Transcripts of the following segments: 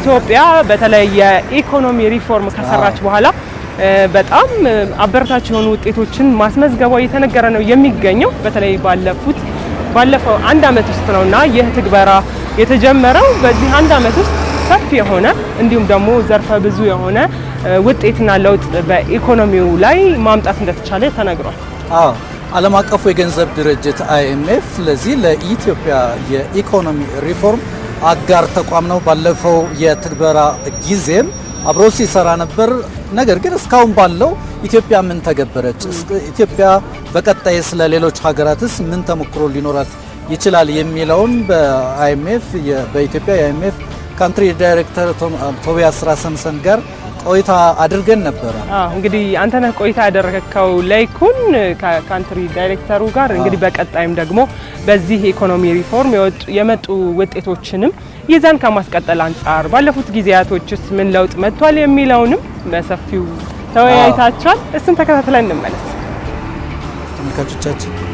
ኢትዮጵያ በተለይ የኢኮኖሚ ሪፎርም ከሰራች በኋላ በጣም አበረታች የሆኑ ውጤቶችን ማስመዝገቧ እየተነገረ ነው የሚገኘው። በተለይ ባለፉት ባለፈው አንድ ዓመት ውስጥ ነው እና ይህ ትግበራ የተጀመረው በዚህ አንድ ዓመት ውስጥ ሰፊ የሆነ እንዲሁም ደግሞ ዘርፈ ብዙ የሆነ ውጤትና ለውጥ በኢኮኖሚው ላይ ማምጣት እንደተቻለ ተነግሯል። አዎ ዓለም አቀፉ የገንዘብ ድርጅት አይኤምኤፍ ለዚህ ለኢትዮጵያ የኢኮኖሚ ሪፎርም አጋር ተቋም ነው። ባለፈው የትግበራ ጊዜም አብሮ ሲሰራ ነበር። ነገር ግን እስካሁን ባለው ኢትዮጵያ ምን ተገበረች፣ ኢትዮጵያ በቀጣይ ስለ ሌሎች ሀገራትስ ምን ተሞክሮ ሊኖራት ይችላል የሚለውን በአይኤምኤፍ በኢትዮጵያ የአይኤምኤፍ ካንትሪ ዳይሬክተር ቶቢያስ ራሰምሰን ጋር ቆይታ አድርገን ነበረ። እንግዲህ አንተነህ ቆይታ ያደረከው ላይኩን ከካንትሪ ዳይሬክተሩ ጋር እንግዲህ በቀጣይም ደግሞ በዚህ ኢኮኖሚ ሪፎርም የመጡ ውጤቶችንም ይዘን ከማስቀጠል አንጻር ባለፉት ጊዜያቶችስ ምን ለውጥ መጥቷል የሚለውንም በሰፊው ተወያይታችኋል። እሱን ተከታትለን እንመለስ ተመልካቾቻችን።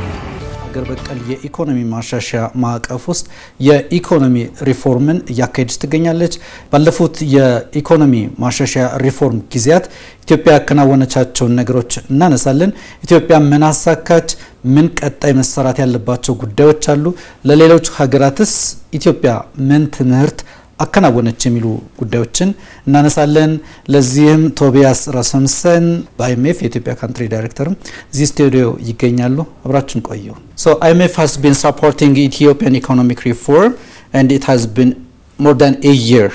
ሀገር በቀል የኢኮኖሚ ማሻሻያ ማዕቀፍ ውስጥ የኢኮኖሚ ሪፎርምን እያካሄደች ትገኛለች። ባለፉት የኢኮኖሚ ማሻሻያ ሪፎርም ጊዜያት ኢትዮጵያ ያከናወነቻቸውን ነገሮች እናነሳለን። ኢትዮጵያ ምን አሳካች? ምን ቀጣይ መሰራት ያለባቸው ጉዳዮች አሉ? ለሌሎች ሀገራትስ ኢትዮጵያ ምን ትምህርት አከናወነች የሚሉ ጉዳዮችን እናነሳለን። ለዚህም ቶቢያስ ራሰምሰን በአይምኤፍ የኢትዮጵያ ካንትሪ ዳይሬክተርም እዚህ ስቱዲዮ ይገኛሉ። አብራችን ቆዩ። አይኤምኤፍ ሃዝ ቢን ሳፖርቲንግ ኢትዮጵያን ኢኮኖሚክ ሪፎርም ኤንድ ኢት ሃዝ ቢን ሞር ዳን ኤ ይር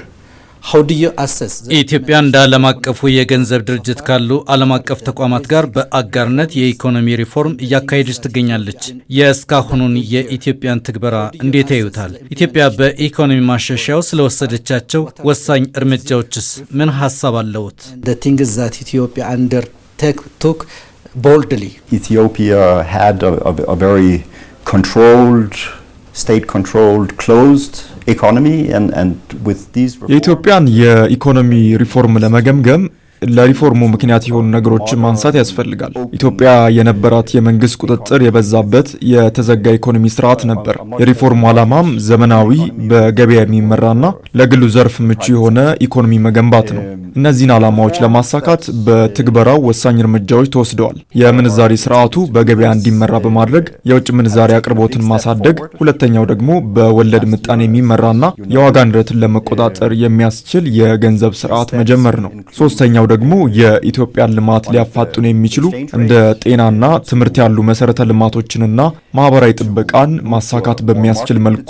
ኢትዮጵያ እንደ ዓለም አቀፉ የገንዘብ ድርጅት ካሉ ዓለም አቀፍ ተቋማት ጋር በአጋርነት የኢኮኖሚ ሪፎርም እያካሄደች ትገኛለች። የእስካሁኑን የኢትዮጵያን ትግበራ እንዴት ያዩታል? ኢትዮጵያ በኢኮኖሚ ማሻሻያው ስለወሰደቻቸው ወሳኝ እርምጃዎችስ ምን ሀሳብ አለዎት? ኢትዮጵያ አንደር ቱክ ቦልድሊ ኢትዮጵያ የኢትዮጵያን የኢኮኖሚ ሪፎርም ለመገምገም ለሪፎርሙ ምክንያት የሆኑ ነገሮችን ማንሳት ያስፈልጋል። ኢትዮጵያ የነበራት የመንግስት ቁጥጥር የበዛበት የተዘጋ ኢኮኖሚ ስርዓት ነበር። የሪፎርሙ ዓላማም ዘመናዊ በገበያ የሚመራና ለግሉ ዘርፍ ምቹ የሆነ ኢኮኖሚ መገንባት ነው። እነዚህን ዓላማዎች ለማሳካት በትግበራው ወሳኝ እርምጃዎች ተወስደዋል። የምንዛሬ ስርዓቱ በገበያ እንዲመራ በማድረግ የውጭ ምንዛሬ አቅርቦትን ማሳደግ፣ ሁለተኛው ደግሞ በወለድ ምጣኔ የሚመራና የዋጋ ንረትን ለመቆጣጠር የሚያስችል የገንዘብ ስርዓት መጀመር ነው። ሶስተኛው ደግሞ የኢትዮጵያን ልማት ሊያፋጥኑ የሚችሉ እንደ ጤናና ትምህርት ያሉ መሰረተ ልማቶችንና ማህበራዊ ጥበቃን ማሳካት በሚያስችል መልኩ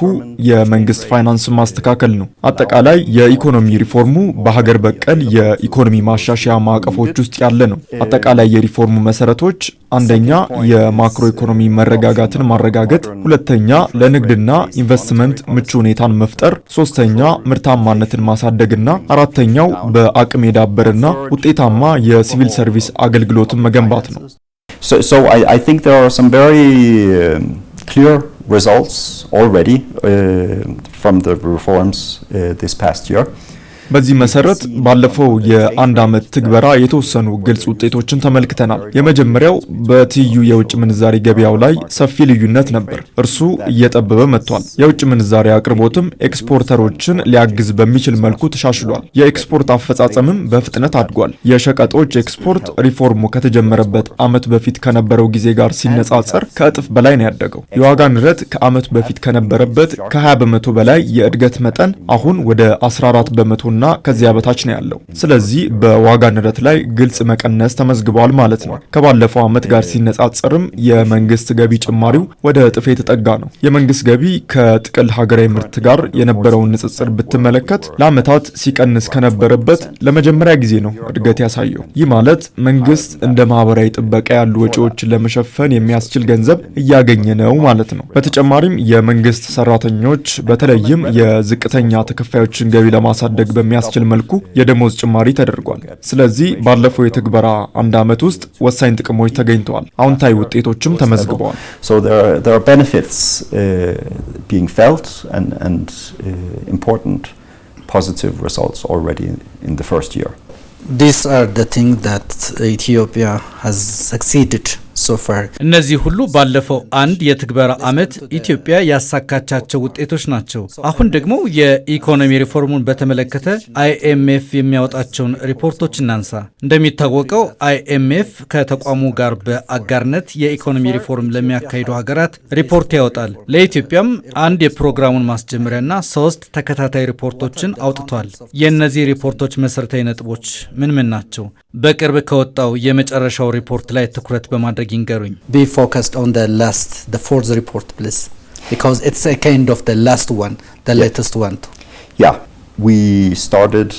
የመንግስት ፋይናንስ ማስተካከል ነው። አጠቃላይ የኢኮኖሚ ሪፎርሙ በሀገር በቀል የኢኮኖሚ ማሻሻያ ማዕቀፎች ውስጥ ያለ ነው። አጠቃላይ የሪፎርሙ መሰረቶች አንደኛ የማክሮ ኢኮኖሚ መረጋጋትን ማረጋገጥ፣ ሁለተኛ ለንግድና ኢንቨስትመንት ምቹ ሁኔታን መፍጠር፣ ሶስተኛ ምርታማነትን ማሳደግና አራተኛው በአቅም የዳበርና ውጤታማ የሲቪል ሰርቪስ አገልግሎትን መገንባት ነው። results already uh, from the reforms uh, this past year. በዚህ መሰረት ባለፈው የአንድ ዓመት ትግበራ የተወሰኑ ግልጽ ውጤቶችን ተመልክተናል። የመጀመሪያው በትይዩ የውጭ ምንዛሪ ገበያው ላይ ሰፊ ልዩነት ነበር። እርሱ እየጠበበ መጥቷል። የውጭ ምንዛሪ አቅርቦትም ኤክስፖርተሮችን ሊያግዝ በሚችል መልኩ ተሻሽሏል። የኤክስፖርት አፈጻጸምም በፍጥነት አድጓል። የሸቀጦች ኤክስፖርት ሪፎርሙ ከተጀመረበት ዓመት በፊት ከነበረው ጊዜ ጋር ሲነጻጸር ከእጥፍ በላይ ነው ያደገው። የዋጋ ንረት ከዓመት በፊት ከነበረበት ከ20 በመቶ በላይ የእድገት መጠን አሁን ወደ 14 በመቶና እና ከዚያ በታች ነው ያለው። ስለዚህ በዋጋ ንረት ላይ ግልጽ መቀነስ ተመዝግቧል ማለት ነው። ከባለፈው ዓመት ጋር ሲነጻጸርም የመንግስት ገቢ ጭማሪው ወደ እጥፍ የተጠጋ ነው። የመንግስት ገቢ ከጥቅል ሀገራዊ ምርት ጋር የነበረውን ንጽጽር ብትመለከት ለዓመታት ሲቀንስ ከነበረበት ለመጀመሪያ ጊዜ ነው እድገት ያሳየው። ይህ ማለት መንግስት እንደ ማህበራዊ ጥበቃ ያሉ ወጪዎችን ለመሸፈን የሚያስችል ገንዘብ እያገኘ ነው ማለት ነው። በተጨማሪም የመንግስት ሰራተኞች በተለይም የዝቅተኛ ተከፋዮችን ገቢ ለማሳደግ በሚ በሚያስችል መልኩ የደሞዝ ጭማሪ ተደርጓል። ስለዚህ ባለፈው የትግበራ አንድ ዓመት ውስጥ ወሳኝ ጥቅሞች ተገኝተዋል። አዎንታዊ ውጤቶችም ተመዝግበዋል። These are the things that Ethiopia has succeeded እነዚህ ሁሉ ባለፈው አንድ የትግበራ ዓመት ኢትዮጵያ ያሳካቻቸው ውጤቶች ናቸው። አሁን ደግሞ የኢኮኖሚ ሪፎርሙን በተመለከተ አይኤምኤፍ የሚያወጣቸውን ሪፖርቶች እናንሳ። እንደሚታወቀው አይኤምኤፍ ከተቋሙ ጋር በአጋርነት የኢኮኖሚ ሪፎርም ለሚያካሂዱ ሀገራት ሪፖርት ያወጣል። ለኢትዮጵያም አንድ የፕሮግራሙን ማስጀመሪያና ሶስት ተከታታይ ሪፖርቶችን አውጥቷል። የእነዚህ ሪፖርቶች መሰረታዊ ነጥቦች ምን ምን ናቸው? በቅርብ ከወጣው የመጨረሻው ሪፖርት ላይ ትኩረት በማድረግ ይንገሩኝ። ቢ ፎከስድ ኦን ዘ ላስት ዘ ፎርዝ ሪፖርት ፕሊዝ ቢካዝ ኢትስ ኤ ካይንድ ኦፍ ዘ ላስት ዋን ዘ ሌተስት ዋን ያ ዊ ስታርትድ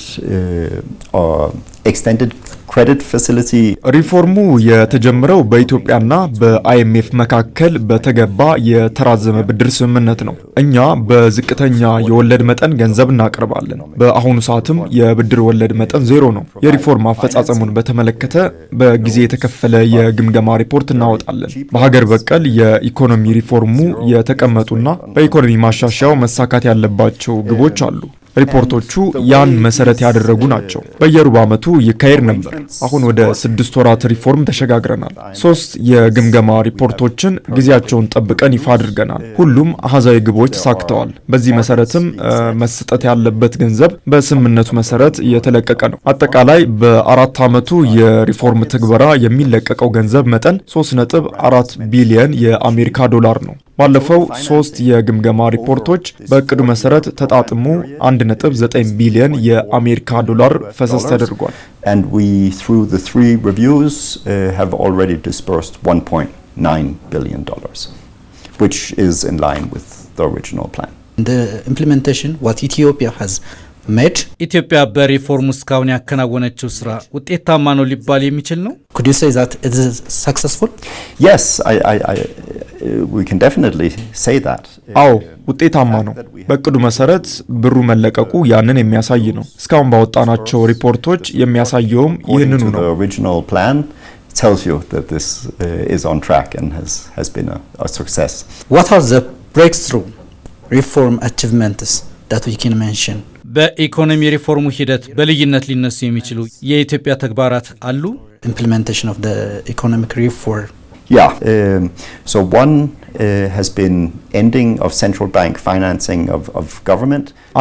ኤክስቴንድድ ክሬዲት ፋሲሊቲ ሪፎርሙ የተጀመረው በኢትዮጵያና በአይኤምኤፍ መካከል በተገባ የተራዘመ ብድር ስምምነት ነው። እኛ በዝቅተኛ የወለድ መጠን ገንዘብ እናቀርባለን። በአሁኑ ሰዓትም የብድር ወለድ መጠን ዜሮ ነው። የሪፎርም አፈጻጸሙን በተመለከተ በጊዜ የተከፈለ የግምገማ ሪፖርት እናወጣለን። በሀገር በቀል የኢኮኖሚ ሪፎርሙ የተቀመጡና በኢኮኖሚ ማሻሻያው መሳካት ያለባቸው ግቦች አሉ። ሪፖርቶቹ ያን መሰረት ያደረጉ ናቸው። በየሩብ ዓመቱ ይካሄድ ነበር። አሁን ወደ ስድስት ወራት ሪፎርም ተሸጋግረናል። ሶስት የግምገማ ሪፖርቶችን ጊዜያቸውን ጠብቀን ይፋ አድርገናል። ሁሉም አሃዛዊ ግቦች ተሳክተዋል። በዚህ መሰረትም መሰጠት ያለበት ገንዘብ በስምምነቱ መሰረት እየተለቀቀ ነው። አጠቃላይ በአራት ዓመቱ የሪፎርም ትግበራ የሚለቀቀው ገንዘብ መጠን 3.4 ቢሊየን የአሜሪካ ዶላር ነው። ባለፈው ሶስት የግምገማ ሪፖርቶች በእቅዱ መሰረት ተጣጥሞ 1.9 ቢሊዮን የአሜሪካ ዶላር ፈሰስ ተደርጓል። እንደ ኢምፕሊሜንቴሽን ዋት ኢትዮጵያ ሀዝ ሜድ ኢትዮጵያ በሪፎርም እስካሁን ያከናወነችው ስራ ውጤታማ ነው ሊባል የሚችል ነው? Uh, አዎ ውጤታማ ነው። በእቅዱ መሰረት ብሩ መለቀቁ ያንን የሚያሳይ ነው። እስካሁን ባወጣናቸው ሪፖርቶች የሚያሳየውም ይህንኑ ነው። uh, በኢኮኖሚ ሪፎርሙ ሂደት በልዩነት ሊነሱ የሚችሉ የኢትዮጵያ ተግባራት አሉ። Yeah. Um, so one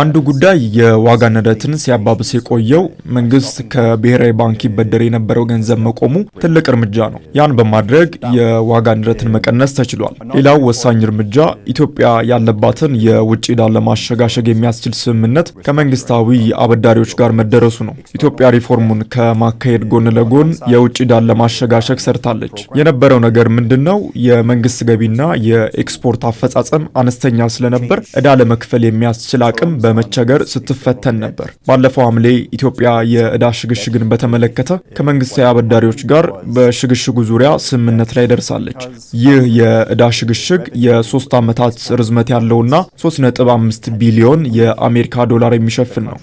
አንዱ ጉዳይ የዋጋ ንረትን ሲያባብስ የቆየው መንግስት ከብሔራዊ ባንክ ይበደር የነበረው ገንዘብ መቆሙ ትልቅ እርምጃ ነው። ያን በማድረግ የዋጋ ንረትን መቀነስ ተችሏል። ሌላው ወሳኝ እርምጃ ኢትዮጵያ ያለባትን የውጭ ዕዳ ለማሸጋሸግ የሚያስችል ስምምነት ከመንግስታዊ አበዳሪዎች ጋር መደረሱ ነው። ኢትዮጵያ ሪፎርሙን ከማካሄድ ጎን ለጎን የውጭ ዕዳን ለማሸጋሸግ ሰርታለች። የነበረው ነገር ምንድን ነው? የመንግስት ገቢና የኤክስፖርት አፈጻጸም አነስተኛ ስለነበር እዳ ለመክፈል የሚያስችል አቅም በመቸገር ስትፈተን ነበር። ባለፈው ሐምሌ ኢትዮጵያ የእዳ ሽግሽግን በተመለከተ ከመንግስታዊ አበዳሪዎች ጋር በሽግሽጉ ዙሪያ ስምምነት ላይ ደርሳለች። ይህ የእዳ ሽግሽግ የሶስት ዓመታት ርዝመት ያለውና 3.5 ቢሊዮን የአሜሪካ ዶላር የሚሸፍን ነው።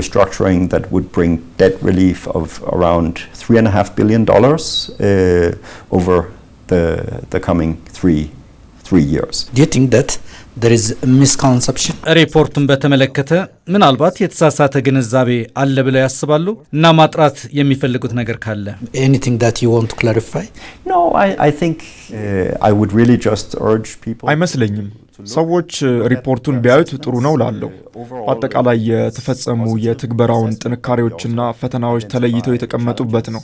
ሪስትራክቸሪንግ the, the coming three, three years. Do you think that there is a misconception? ሪፖርቱን በተመለከተ ምናልባት የተሳሳተ ግንዛቤ አለ ብለው ያስባሉ እና ማጥራት የሚፈልጉት ነገር ካለ anything that you want to clarify? No, I, I think uh, I would really just urge people. አይመስለኝም ሰዎች ሪፖርቱን ቢያዩት ጥሩ ነው ላለሁ። በአጠቃላይ የተፈጸሙ የትግበራውን ጥንካሬዎችና ፈተናዎች ተለይተው የተቀመጡበት ነው።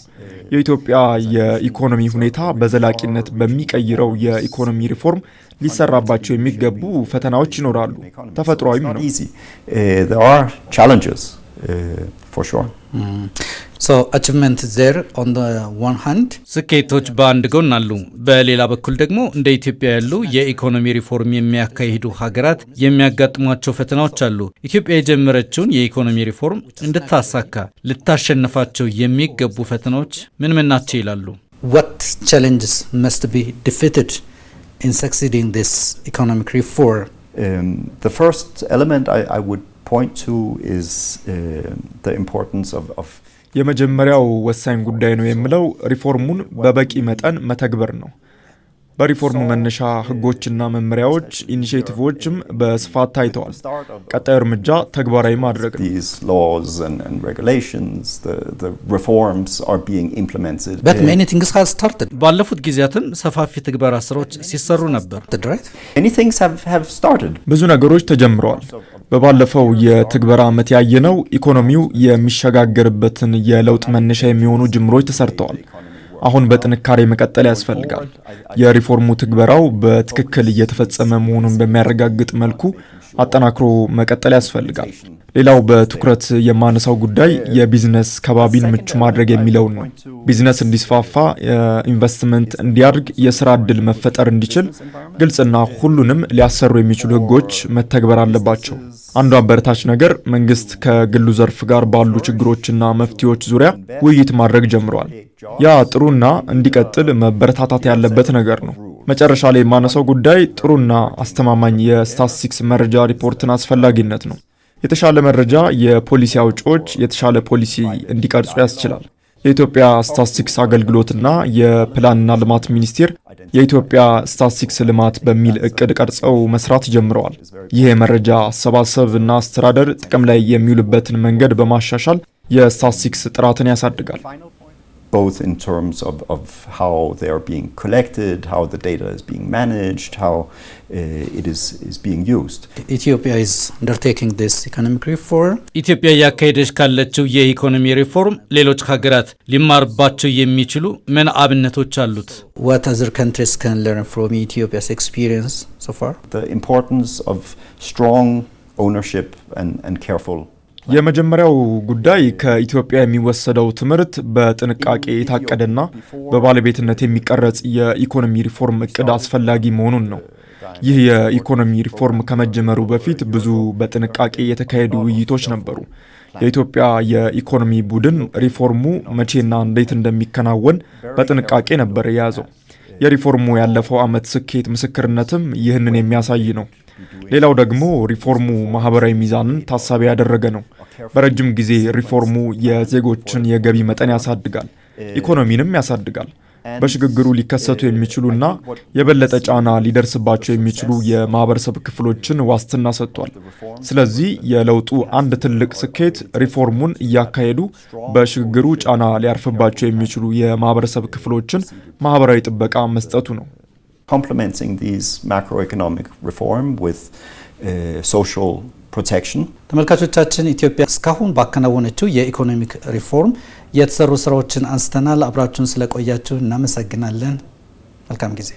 የኢትዮጵያ የኢኮኖሚ ሁኔታ በዘላቂነት በሚቀይረው የኢኮኖሚ ሪፎርም ሊሰራባቸው የሚገቡ ፈተናዎች ይኖራሉ፣ ተፈጥሯዊም ነው። for sure. Mm. So achievement there on the one hand ስኬቶች በአንድ ጎን አሉ፣ በሌላ በኩል ደግሞ እንደ ኢትዮጵያ ያሉ የኢኮኖሚ ሪፎርም የሚያካሂዱ ሀገራት የሚያጋጥሟቸው ፈተናዎች አሉ። ኢትዮጵያ የጀመረችውን የኢኮኖሚ ሪፎርም እንድታሳካ ልታሸንፋቸው የሚገቡ ፈተናዎች ምን ምን ናቸው ይላሉ? What challenges must be defeated in succeeding this economic reform? Um, the first element I, I would Uh, የመጀመሪያው ወሳኝ ጉዳይ ነው የምለው ሪፎርሙን በበቂ መጠን መተግበር ነው። በሪፎርሙ መነሻ ህጎችና መመሪያዎች፣ ኢኒሽቲቮችም በስፋት ታይተዋል። ቀጣዩ እርምጃ ተግባራዊ ማድረግ ነው። ባለፉት ጊዜያትም ሰፋፊ ትግበራ ስራዎች ሲሰሩ ነበር። ብዙ ነገሮች ተጀምረዋል። በባለፈው የትግበራ ዓመት ያየነው ኢኮኖሚው የሚሸጋገርበትን የለውጥ መነሻ የሚሆኑ ጅምሮች ተሰርተዋል። አሁን በጥንካሬ መቀጠል ያስፈልጋል። የሪፎርሙ ትግበራው በትክክል እየተፈጸመ መሆኑን በሚያረጋግጥ መልኩ አጠናክሮ መቀጠል ያስፈልጋል። ሌላው በትኩረት የማነሳው ጉዳይ የቢዝነስ ከባቢን ምቹ ማድረግ የሚለውን ነው። ቢዝነስ እንዲስፋፋ፣ ኢንቨስትመንት እንዲያድግ፣ የስራ እድል መፈጠር እንዲችል ግልጽና ሁሉንም ሊያሰሩ የሚችሉ ህጎች መተግበር አለባቸው። አንዱ አበረታች ነገር መንግስት ከግሉ ዘርፍ ጋር ባሉ ችግሮችና መፍትሄዎች ዙሪያ ውይይት ማድረግ ጀምረዋል። ያ ጥሩና እንዲቀጥል መበረታታት ያለበት ነገር ነው። መጨረሻ ላይ የማነሳው ጉዳይ ጥሩና አስተማማኝ የስታትስቲክስ መረጃ ሪፖርትን አስፈላጊነት ነው። የተሻለ መረጃ የፖሊሲ አውጪዎች የተሻለ ፖሊሲ እንዲቀርጹ ያስችላል። የኢትዮጵያ ስታትስቲክስ አገልግሎትና የፕላንና ልማት ሚኒስቴር የኢትዮጵያ ስታትስቲክስ ልማት በሚል እቅድ ቀርጸው መስራት ጀምረዋል። ይህ የመረጃ አሰባሰብ እና አስተዳደር ጥቅም ላይ የሚውልበትን መንገድ በማሻሻል የስታትስቲክስ ጥራትን ያሳድጋል። both in terms of, of how they are being collected, how the data is being managed, how uh, it is, is being used. Ethiopia is undertaking this economic reform. ኢትዮጵያ እያካሄደች ካለችው የኢኮኖሚ ሪፎርም ሌሎች ሀገራት ሊማርባቸው የሚችሉ ምን አብነቶች አሉት? What other countries can learn from Ethiopia's experience so far? The importance of strong ownership and, and careful የመጀመሪያው ጉዳይ ከኢትዮጵያ የሚወሰደው ትምህርት በጥንቃቄ የታቀደና በባለቤትነት የሚቀረጽ የኢኮኖሚ ሪፎርም እቅድ አስፈላጊ መሆኑን ነው። ይህ የኢኮኖሚ ሪፎርም ከመጀመሩ በፊት ብዙ በጥንቃቄ የተካሄዱ ውይይቶች ነበሩ። የኢትዮጵያ የኢኮኖሚ ቡድን ሪፎርሙ መቼና እንዴት እንደሚከናወን በጥንቃቄ ነበር የያዘው። የሪፎርሙ ያለፈው ዓመት ስኬት ምስክርነትም ይህንን የሚያሳይ ነው። ሌላው ደግሞ ሪፎርሙ ማህበራዊ ሚዛንን ታሳቢ ያደረገ ነው። በረጅም ጊዜ ሪፎርሙ የዜጎችን የገቢ መጠን ያሳድጋል፣ ኢኮኖሚንም ያሳድጋል። በሽግግሩ ሊከሰቱ የሚችሉና የበለጠ ጫና ሊደርስባቸው የሚችሉ የማህበረሰብ ክፍሎችን ዋስትና ሰጥቷል። ስለዚህ የለውጡ አንድ ትልቅ ስኬት ሪፎርሙን እያካሄዱ በሽግግሩ ጫና ሊያርፍባቸው የሚችሉ የማህበረሰብ ክፍሎችን ማህበራዊ ጥበቃ መስጠቱ ነው። complementing these macroeconomic reform with uh, social protection ተመልካቾቻችን ኢትዮጵያ እስካሁን ባከናወነችው የኢኮኖሚክ ሪፎርም የተሰሩ ስራዎችን አንስተናል። አብራችሁን ስለቆያችሁ እናመሰግናለን። መልካም ጊዜ